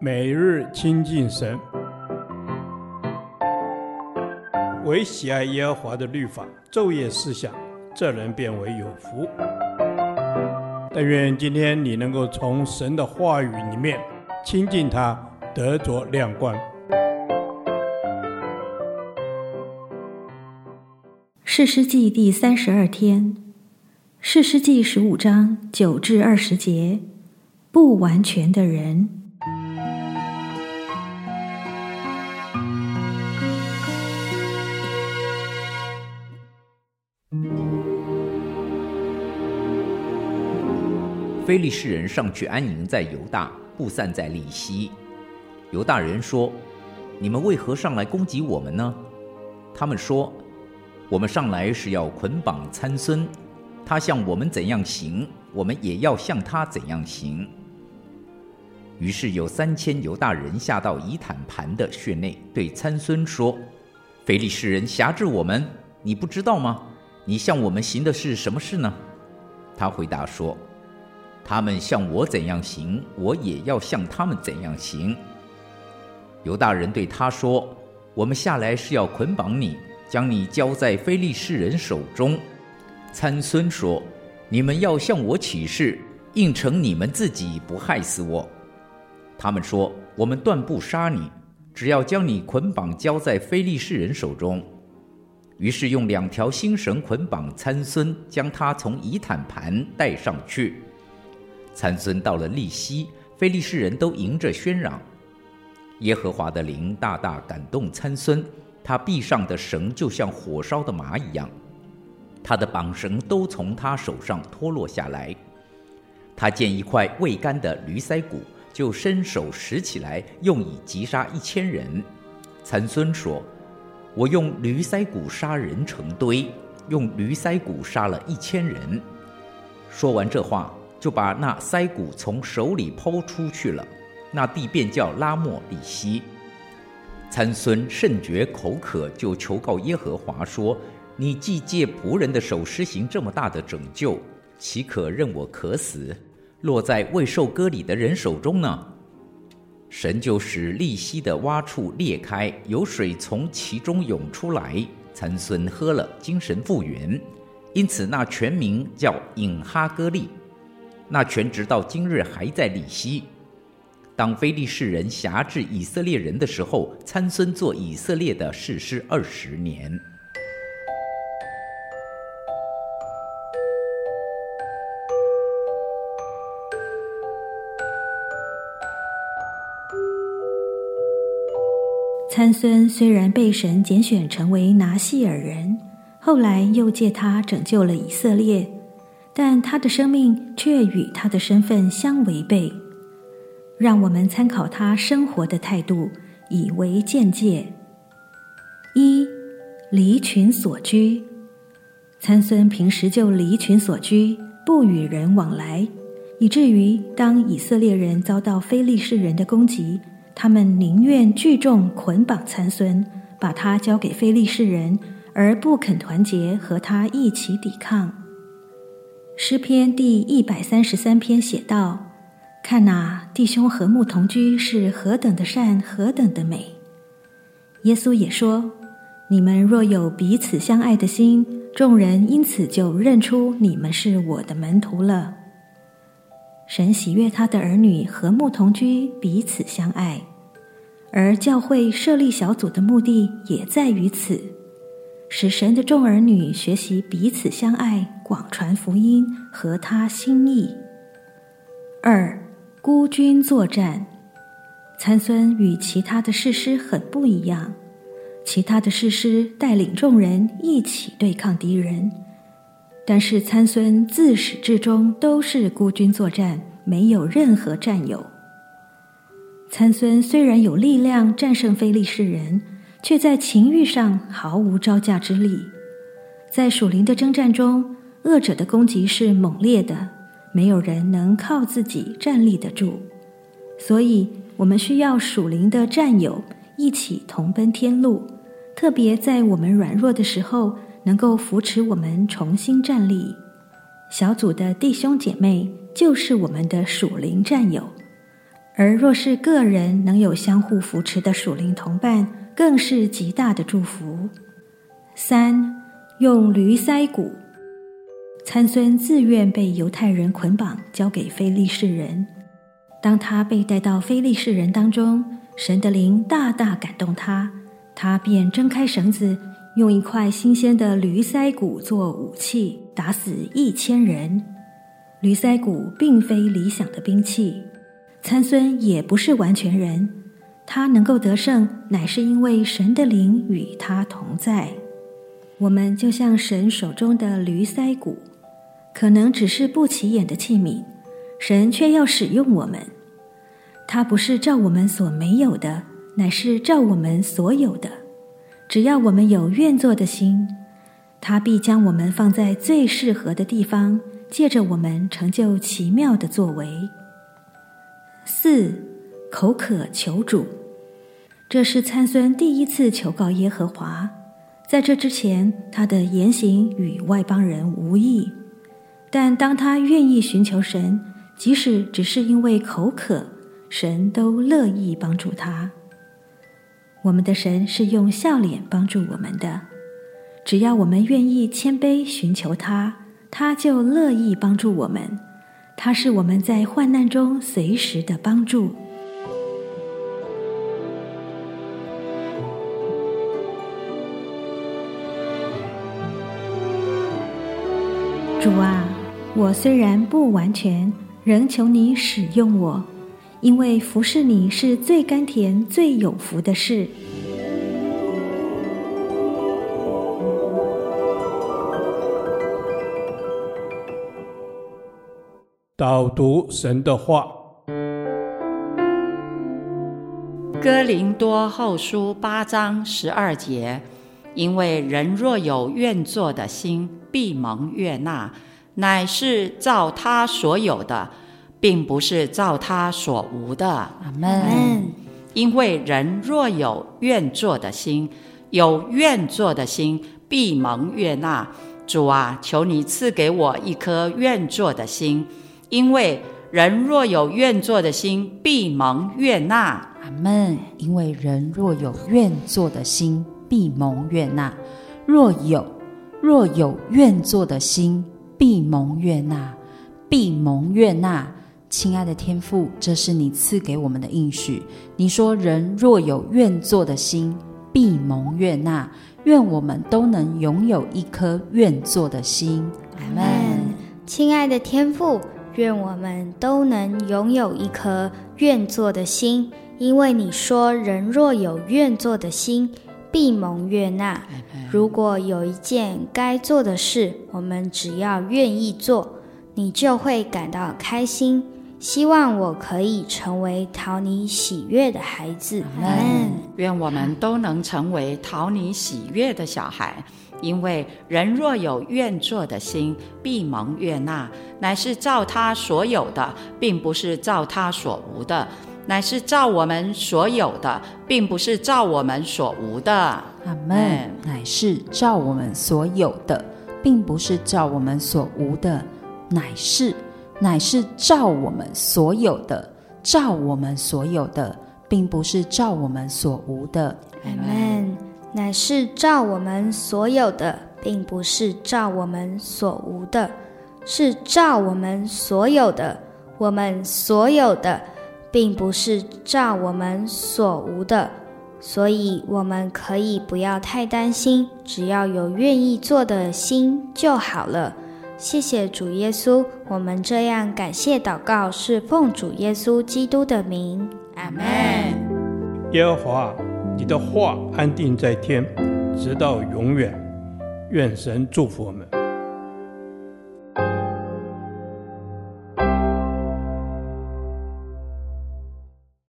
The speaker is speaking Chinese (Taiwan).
每日親近神，唯喜愛耶和華的律法，晝夜思想，這人便為有福。但願今天你能夠從神的話語裡面親近他，得着亮光。《士師記》第三十二天，《士師記》十五章九至二十節，不完全的人。非利士人上去安營在猶大，布散在利希。猶大人說：“你們為何上來攻擊我們呢？”他們說：“我們上來是要捆綁參孫，他向我們怎樣行，我們也要向他怎樣行。”於是有三千猶大人下到以坦盤的穴內，對參孫說：“非利士人轄制我們，你不知道嗎？”你向我們行的是什麼事呢？他回答說：“他們向我怎樣行，我也要向他們怎樣行。”猶大人對他說：“我們下來是要捆綁你，將你交在非利士人手中。”參孫說：“你們要向我起誓，應承你們自己不害死我。”他們說：“我們斷不殺你，只要將你捆綁交在非利士人手中。”於是用兩條新繩捆綁參孫，將他從以坦磐帶上去。參孫到了利希，非利士人都迎着喧嚷。耶和華的靈大大感動參孫，他臂上的繩就像火燒的麻一樣，他的綁繩都從他手上脫落下來。他見一塊未乾的驢腮骨，就伸手拾起來，用以擊殺一千人。參孫說。我用驢腮骨殺人成堆，用驢腮骨殺了一千人。說完這話，就把那腮骨從手裡拋出去了。那地便叫拉莫里西。參孫甚覺口渴，就求告耶和華說：“你既借僕人的手施行這麼大的拯救，豈可任我渴死？落在未受割禮的人手中呢？”神就使利希的洼處裂開，有水從其中湧出來，參孫喝了，精神復原。因此那泉名叫隱哈歌利，那泉直到今日還在利希。當非利士人轄制以色列人的時候，參孫做以色列的士師二十年。參孫雖然被神揀選成為拿細耳人，後來又借他拯救了以色列，但他的生命卻與他的身份相違背。讓我們參考他生活的態度，以為鑑戒：一、離群所居。參孫平時就離群所居，不與人往來，以至於當以色列人遭到非利士人的攻擊。他們寧願聚眾捆綁參孫，把他交給非利士人，而不肯團結和他一起抵抗。詩篇第一百三十三篇寫道：“看哪、啊、弟兄和睦同居是何等的善，何等的美。”耶穌也說：“你們若有彼此相愛的心，眾人因此就認出你們是我的門徒了。”神喜悅他的兒女和睦同居，彼此相愛，而教會設立小組的目的也在於此，使神的眾兒女學習彼此相愛，廣傳福音合他心意。二，孤軍作戰，參孫與其他的士師很不一樣，其他的士師帶領眾人一起對抗敵人。但是參孫自始至終都是孤軍作戰，沒有任何戰友。參孫雖然有力量戰勝非利士人，卻在情欲上毫無招架之力。在屬靈的征戰中，惡者的攻擊是猛烈的，沒有人能靠自己站立得住。所以，我們需要屬靈的戰友一起同奔天路，特別在我們軟弱的時候。能夠扶持我們重新站立，小組的弟兄姐妹就是我們的屬靈戰友，而若是個人能有相互扶持的屬靈同伴，更是極大的祝福。三，用驢腮骨，參孫自願被猶太人捆綁交給非利士人，當他被帶到非利士人當中，神的靈大大感動他，他便掙開繩子。用一塊新鮮的驢腮骨做武器，打死一千人。驢腮骨並非理想的兵器，參孫也不是完全人。他能夠得勝，乃是因為神的靈與他同在。我們就像神手中的驢腮骨，可能只是不起眼的器皿，神卻要使用我們。他不是照我們所沒有的，乃是照我們所有的。只要我們有願做的心，他必將我們放在最適合的地方，借着我們成就奇妙的作為。四，口渴求主，這是參孫第一次求告耶和華。在這之前，他的言行與外邦人無異。但當他願意尋求神，即使只是因為口渴，神都樂意幫助他。我們的神是用笑臉幫助我們的，只要我們願意謙卑尋求他，他就樂意幫助我們。他是我們在患難中隨時的幫助。主啊，我雖然不完全，仍求你使用我。因為服侍你是最甘甜、最有福的事。導讀神的話，《哥林多後書》八章十二節：因為人若有願做的心，必蒙悅納，乃是照他所有的，並不是照他所無的，阿門。因為人若有願做的心，有願做的心必蒙悅納。主啊，求你賜給我一顆願做的心。因為人若有願做的心必蒙悅納，阿門。因為人若有願做的心必蒙悅納。若有，若有願做的心必蒙悅納，必蒙悅納。親愛的天父，這是你賜給我們的應許。你說，人若有願做的心，必蒙悅納。願我們都能擁有一顆願做的心。阿門。親愛的天父，願我們都能擁有一顆願做的心，因為你說，人若有願做的心，必蒙悅納。Amen. 如果有一件該做的事，我們只要願意做，你就會感到開心。希望我可以成為討你喜悅的孩子們。Amen, 願我們都能成為討你喜悅的小孩，因為人若有願做的心，必蒙悅納，乃是照他所有的，並不是照他所無的；乃是照我們所有的，並不是照我們所無的。阿門。乃是照我們所有的，並不是照我們所無的，乃是。乃是照我們所有的，照我們所有的，並不是照我們所無的。阿 n 乃是照我們所有的，並不是照我們所無的，是照我們所有的，我們所有的，並不是照我們所無的。所以我們可以不要太擔心，只要有願意做的心就好了。謝謝主耶穌，我們這樣感謝禱告是奉主耶穌基督的名，阿門。耶和華，你的話安定在天，直到永遠。願神祝福我們。